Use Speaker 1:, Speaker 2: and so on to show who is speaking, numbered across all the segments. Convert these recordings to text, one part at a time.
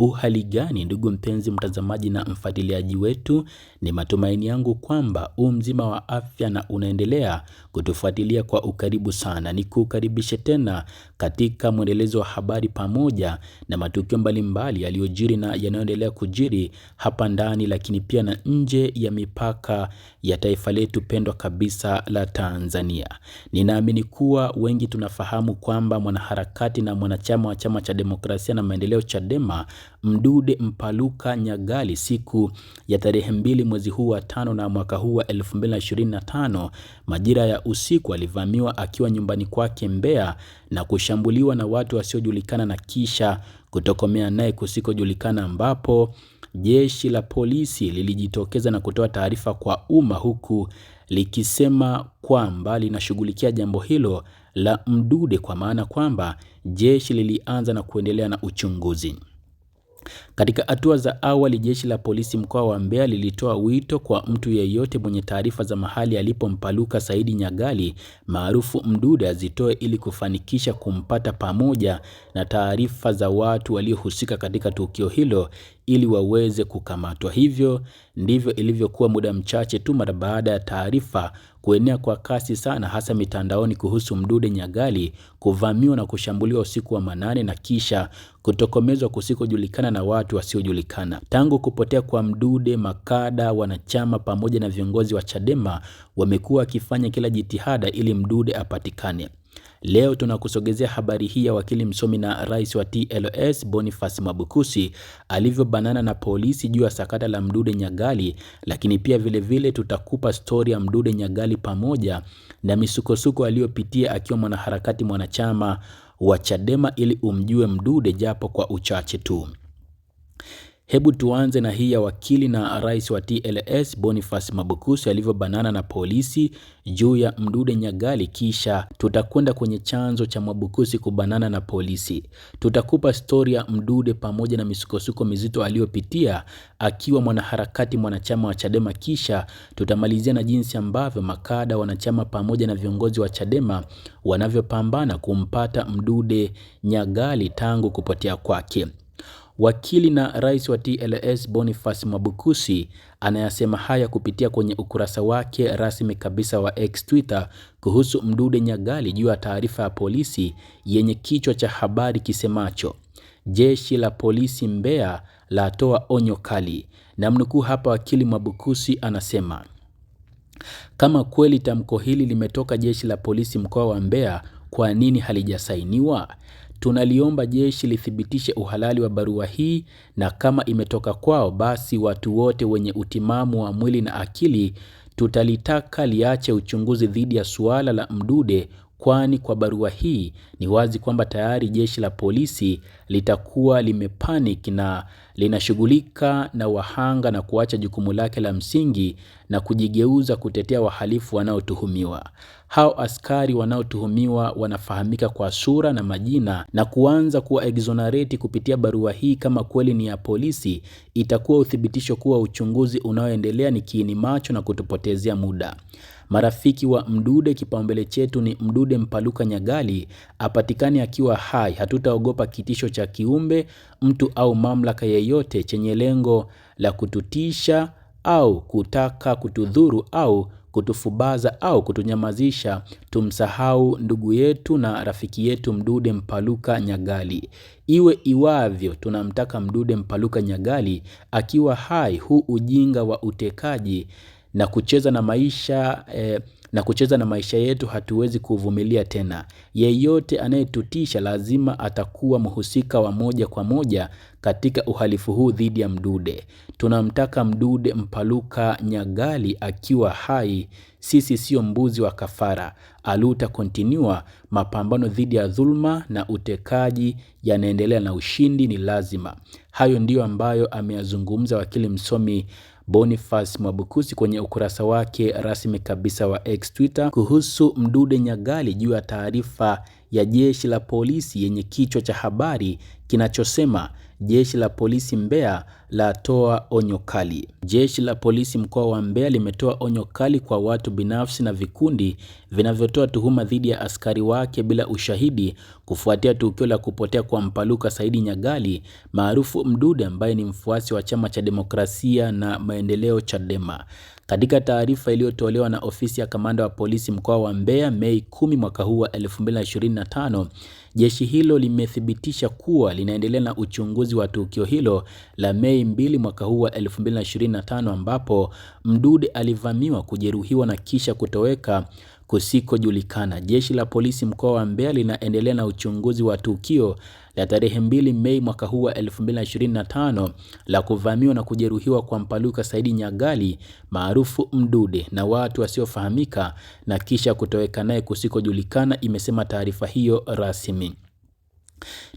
Speaker 1: Uhali gani ndugu mpenzi mtazamaji na mfuatiliaji wetu, ni matumaini yangu kwamba u mzima wa afya na unaendelea kutufuatilia kwa ukaribu sana. ni kukaribishe tena katika mwendelezo wa habari pamoja na matukio mbalimbali yaliyojiri na yanayoendelea kujiri hapa ndani, lakini pia na nje ya mipaka ya taifa letu pendwa kabisa la Tanzania. Ninaamini kuwa wengi tunafahamu kwamba mwanaharakati na mwanachama wa Chama cha Demokrasia na Maendeleo, Chadema Mdude Mpaluka Nyagali siku ya tarehe mbili mwezi huu wa tano na mwaka huu wa 2025 majira ya usiku alivamiwa akiwa nyumbani kwake Mbeya na kushambuliwa na watu wasiojulikana na kisha kutokomea naye kusikojulikana ambapo jeshi la polisi lilijitokeza na kutoa taarifa kwa umma huku likisema kwamba linashughulikia jambo hilo la Mdude kwa maana kwamba jeshi lilianza na kuendelea na uchunguzi. Katika hatua za awali, jeshi la polisi mkoa wa Mbeya lilitoa wito kwa mtu yeyote mwenye taarifa za mahali alipo Mpaluka Saidi Nyagali maarufu Mdude azitoe ili kufanikisha kumpata pamoja na taarifa za watu waliohusika katika tukio hilo ili waweze kukamatwa. Hivyo ndivyo ilivyokuwa muda mchache tu mara baada ya taarifa Kuenea kwa kasi sana hasa mitandaoni kuhusu Mdude Nyagali kuvamiwa na kushambuliwa usiku wa manane na kisha kutokomezwa kusikojulikana na watu wasiojulikana. Tangu kupotea kwa Mdude, makada, wanachama pamoja na viongozi wa Chadema wamekuwa wakifanya kila jitihada ili Mdude apatikane. Leo tunakusogezea habari hii ya wakili msomi na rais wa TLS Boniface Mwabukusi alivyobanana na polisi juu ya sakata la Mdude Nyagali, lakini pia vilevile vile tutakupa stori ya Mdude Nyagali pamoja na misukosuko aliyopitia akiwa mwanaharakati mwanachama wa Chadema ili umjue Mdude japo kwa uchache tu. Hebu tuanze na hii ya wakili na rais wa TLS Boniface Mabukusi alivyobanana na polisi juu ya Mdude Nyagali, kisha tutakwenda kwenye chanzo cha Mabukusi kubanana na polisi. Tutakupa stori ya Mdude pamoja na misukosuko mizito aliyopitia akiwa mwanaharakati mwanachama wa Chadema, kisha tutamalizia na jinsi ambavyo makada wanachama pamoja na viongozi wa Chadema wanavyopambana kumpata Mdude Nyagali tangu kupotea kwake. Wakili na rais wa TLS Boniface Mwabukusi anayasema haya kupitia kwenye ukurasa wake rasmi kabisa wa X Twitter kuhusu Mdude Nyagali juu ya taarifa ya polisi yenye kichwa cha habari kisemacho Jeshi la polisi Mbeya latoa onyo kali. na mnukuu hapa wakili Mwabukusi anasema, kama kweli tamko hili limetoka jeshi la polisi mkoa wa Mbeya, kwa nini halijasainiwa? Tunaliomba jeshi lithibitishe uhalali wa barua hii na kama imetoka kwao basi watu wote wenye utimamu wa mwili na akili tutalitaka liache uchunguzi dhidi ya suala la Mdude kwani kwa barua hii ni wazi kwamba tayari jeshi la polisi litakuwa limepanic na linashughulika na wahanga na kuacha jukumu lake la msingi na kujigeuza kutetea wahalifu wanaotuhumiwa. Hao askari wanaotuhumiwa wanafahamika kwa sura na majina, na kuanza kuwa exonerate kupitia barua hii kama kweli ni ya polisi, itakuwa uthibitisho kuwa uchunguzi unaoendelea ni kiini macho na kutupotezea muda. Marafiki wa Mdude, kipaumbele chetu ni Mdude Mpaluka Nyagali, apatikane akiwa hai. Hatutaogopa kitisho cha kiumbe, mtu au mamlaka yeyote chenye lengo la kututisha au kutaka kutudhuru au kutufubaza au kutunyamazisha. Tumsahau ndugu yetu na rafiki yetu Mdude Mpaluka Nyagali. Iwe iwavyo, tunamtaka Mdude Mpaluka Nyagali akiwa hai, huu ujinga wa utekaji na kucheza na maisha eh, na kucheza na maisha yetu hatuwezi kuvumilia tena. Yeyote anayetutisha lazima atakuwa mhusika wa moja kwa moja katika uhalifu huu dhidi ya Mdude. Tunamtaka Mdude Mpaluka Nyagali akiwa hai. Sisi sio mbuzi wa kafara. Aluta continua. Mapambano dhidi ya dhuluma na utekaji yanaendelea na ushindi ni lazima. Hayo ndiyo ambayo ameyazungumza wakili msomi Boniface Mwabukusi kwenye ukurasa wake rasmi kabisa wa X Twitter kuhusu Mdude Nyagali juu ya taarifa ya jeshi la polisi yenye kichwa cha habari kinachosema Jeshi la polisi Mbeya latoa onyo kali. Jeshi la polisi mkoa wa Mbeya limetoa onyo kali kwa watu binafsi na vikundi vinavyotoa tuhuma dhidi ya askari wake bila ushahidi kufuatia tukio la kupotea kwa Mpaluka Saidi Nyagali maarufu Mdude, ambaye ni mfuasi wa Chama cha Demokrasia na Maendeleo Chadema. Katika taarifa iliyotolewa na ofisi ya kamanda wa polisi mkoa wa Mbeya Mei 10 mwaka huu wa 2025 Jeshi hilo limethibitisha kuwa linaendelea na uchunguzi wa tukio hilo la Mei 2 mwaka huu wa 2025 ambapo Mdude alivamiwa, kujeruhiwa na kisha kutoweka kusikojulikana. Jeshi la polisi mkoa wa Mbeya linaendelea na uchunguzi wa tukio la tarehe 2 Mei mwaka huu wa 2025 la kuvamiwa na kujeruhiwa kwa Mpaluka Saidi Nyagali maarufu Mdude na watu wasiofahamika na kisha kutoweka naye kusikojulikana, imesema taarifa hiyo rasmi.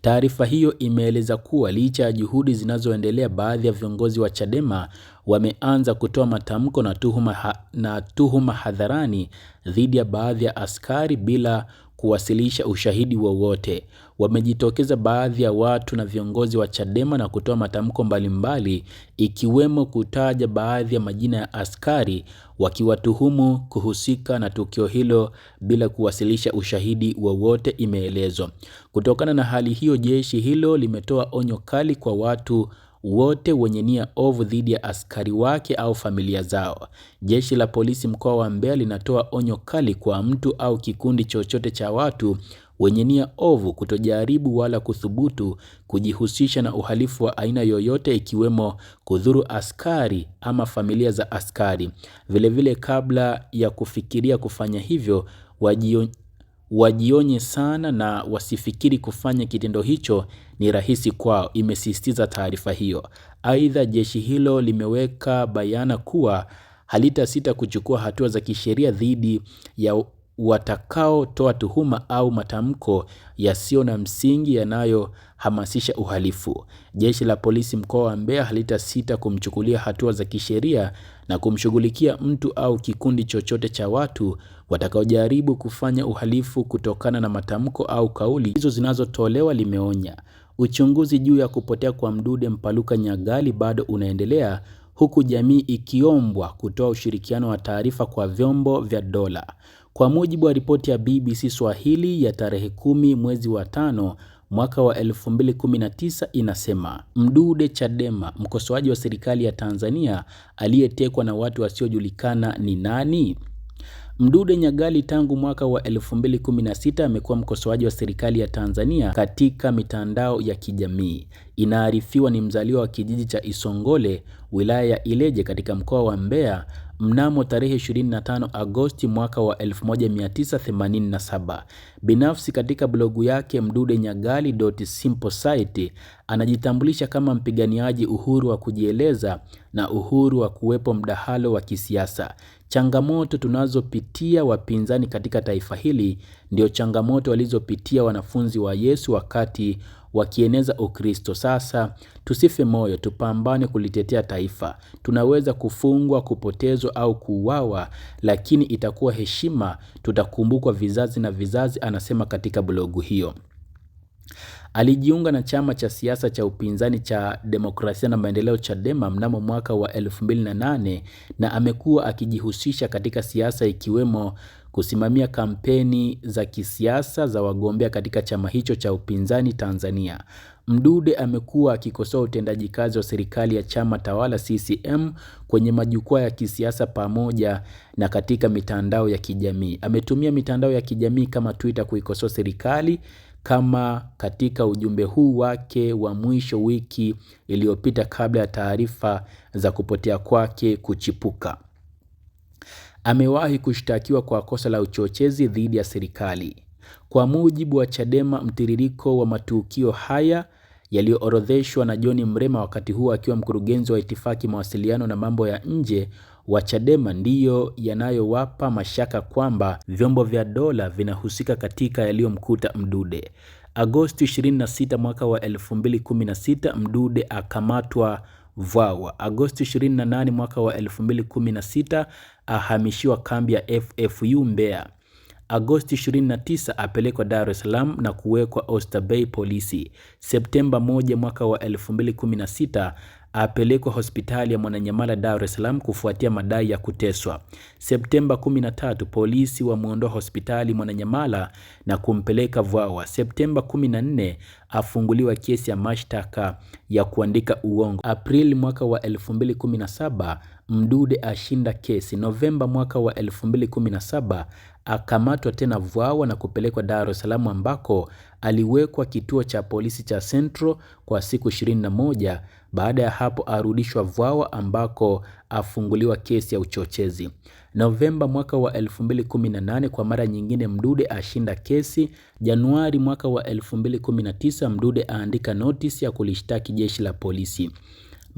Speaker 1: Taarifa hiyo imeeleza kuwa licha ya juhudi zinazoendelea, baadhi ya viongozi wa Chadema wameanza kutoa matamko na tuhuma, ha na tuhuma hadharani dhidi ya baadhi ya askari bila kuwasilisha ushahidi wowote. Wamejitokeza baadhi ya watu na viongozi wa Chadema na kutoa matamko mbalimbali ikiwemo kutaja baadhi ya majina ya askari wakiwatuhumu kuhusika na tukio hilo bila kuwasilisha ushahidi wowote, imeelezwa. Kutokana na hali hiyo, jeshi hilo limetoa onyo kali kwa watu wote wenye nia ovu dhidi ya askari wake au familia zao. Jeshi la polisi mkoa wa Mbeya linatoa onyo kali kwa mtu au kikundi chochote cha watu wenye nia ovu kutojaribu wala kuthubutu kujihusisha na uhalifu wa aina yoyote ikiwemo kudhuru askari ama familia za askari. Vilevile, kabla ya kufikiria kufanya hivyo, wajionye sana na wasifikiri kufanya kitendo hicho ni rahisi kwao, imesisitiza taarifa hiyo. Aidha, jeshi hilo limeweka bayana kuwa halitasita kuchukua hatua za kisheria dhidi ya watakaotoa tuhuma au matamko yasiyo na msingi yanayohamasisha uhalifu. Jeshi la polisi mkoa wa Mbeya halitasita kumchukulia hatua za kisheria na kumshughulikia mtu au kikundi chochote cha watu watakaojaribu kufanya uhalifu kutokana na matamko au kauli hizo zinazotolewa, limeonya. Uchunguzi juu ya kupotea kwa Mdude Mpaluka Nyagali bado unaendelea huku jamii ikiombwa kutoa ushirikiano wa taarifa kwa vyombo vya dola. Kwa mujibu wa ripoti ya BBC Swahili ya tarehe kumi mwezi wa tano mwaka wa 2019 inasema, Mdude Chadema, mkosoaji wa serikali ya Tanzania aliyetekwa na watu wasiojulikana ni nani? Mdude Nyagali tangu mwaka wa 2016 amekuwa mkosoaji wa serikali ya Tanzania katika mitandao ya kijamii. Inaarifiwa ni mzaliwa wa kijiji cha Isongole, wilaya ya Ileje katika mkoa wa Mbeya mnamo tarehe 25 Agosti mwaka wa 1987. Binafsi, katika blogu yake Mdude Nyagali.Simplesite anajitambulisha kama mpiganiaji uhuru wa kujieleza na uhuru wa kuwepo mdahalo wa kisiasa. Changamoto tunazopitia wapinzani katika taifa hili ndio changamoto walizopitia wanafunzi wa Yesu wakati wakieneza Ukristo. Sasa tusife moyo, tupambane kulitetea taifa. Tunaweza kufungwa, kupotezwa au kuuawa, lakini itakuwa heshima, tutakumbukwa vizazi na vizazi, anasema katika blogu hiyo. Alijiunga na chama cha siasa cha upinzani cha Demokrasia na Maendeleo Chadema mnamo mwaka wa 2008 na amekuwa akijihusisha katika siasa ikiwemo kusimamia kampeni za kisiasa za wagombea katika chama hicho cha upinzani Tanzania. Mdude amekuwa akikosoa utendaji kazi wa serikali ya chama tawala CCM kwenye majukwaa ya kisiasa pamoja na katika mitandao ya kijamii. Ametumia mitandao ya kijamii kama Twitter kuikosoa serikali kama katika ujumbe huu wake wa mwisho wiki iliyopita kabla ya taarifa za kupotea kwake kuchipuka amewahi kushtakiwa kwa kosa la uchochezi dhidi ya serikali. Kwa mujibu wa Chadema, mtiririko wa matukio haya yaliyoorodheshwa na John Mrema wakati huo akiwa mkurugenzi wa itifaki, mawasiliano na mambo ya nje wa Chadema ndiyo yanayowapa mashaka kwamba vyombo vya dola vinahusika katika yaliyomkuta Mdude. Agosti 26 mwaka wa 2016, Mdude akamatwa Vwawa. Agosti 28 mwaka wa 2016 ahamishiwa kambi ya FFU Mbeya. Agosti 29 apelekwa Dar es Salaam na kuwekwa Oysterbay polisi. Septemba 1 mwaka wa apelekwa hospitali ya Mwananyamala Dar es Salaam kufuatia madai ya kuteswa. Septemba 13, polisi wamwondoa hospitali Mwananyamala na kumpeleka Vwawa. Septemba 14 afunguliwa kesi ya mashtaka ya kuandika uongo. Aprili mwaka wa 2017 Mdude ashinda kesi. Novemba mwaka wa 2017 akamatwa tena Vwawa na kupelekwa Dar es Salaam ambako aliwekwa kituo cha polisi cha Central kwa siku 21. Baada ya hapo arudishwa Vwawa ambako afunguliwa kesi ya uchochezi. Novemba mwaka wa 2018 kwa mara nyingine Mdude ashinda kesi. Januari mwaka wa 2019 Mdude aandika notisi ya kulishtaki jeshi la polisi.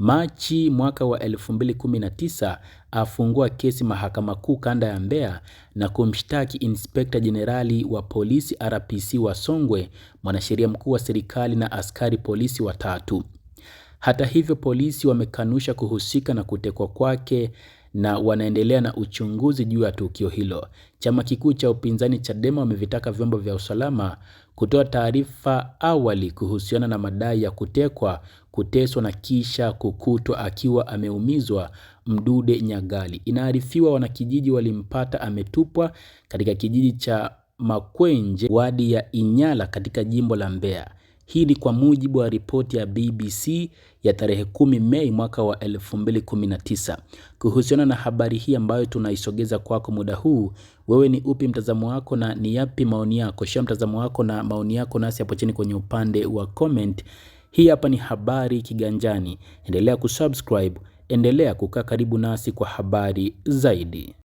Speaker 1: Machi mwaka wa 2019 afungua kesi Mahakama Kuu Kanda ya Mbeya na kumshtaki Inspekta Jenerali wa Polisi RPC wa Songwe, mwanasheria mkuu wa serikali na askari polisi watatu. Hata hivyo, polisi wamekanusha kuhusika na kutekwa kwake na wanaendelea na uchunguzi juu ya tukio hilo. Chama kikuu cha upinzani Chadema wamevitaka vyombo vya usalama kutoa taarifa awali kuhusiana na madai ya kutekwa, kuteswa na kisha kukutwa akiwa ameumizwa Mdude Nyagali. Inaarifiwa wanakijiji walimpata ametupwa katika kijiji cha Makwenje, wadi ya Inyala katika jimbo la Mbeya. Hii ni kwa mujibu wa ripoti ya BBC ya tarehe 10 Mei mwaka wa 2019. Kuhusiana na habari hii ambayo tunaisogeza kwako muda huu, wewe ni upi mtazamo wako na ni yapi maoni yako? Shia mtazamo wako na maoni yako nasi hapo chini kwenye upande wa comment. Hii hapa ni Habari Kiganjani. Endelea kusubscribe, endelea kukaa karibu nasi kwa habari zaidi.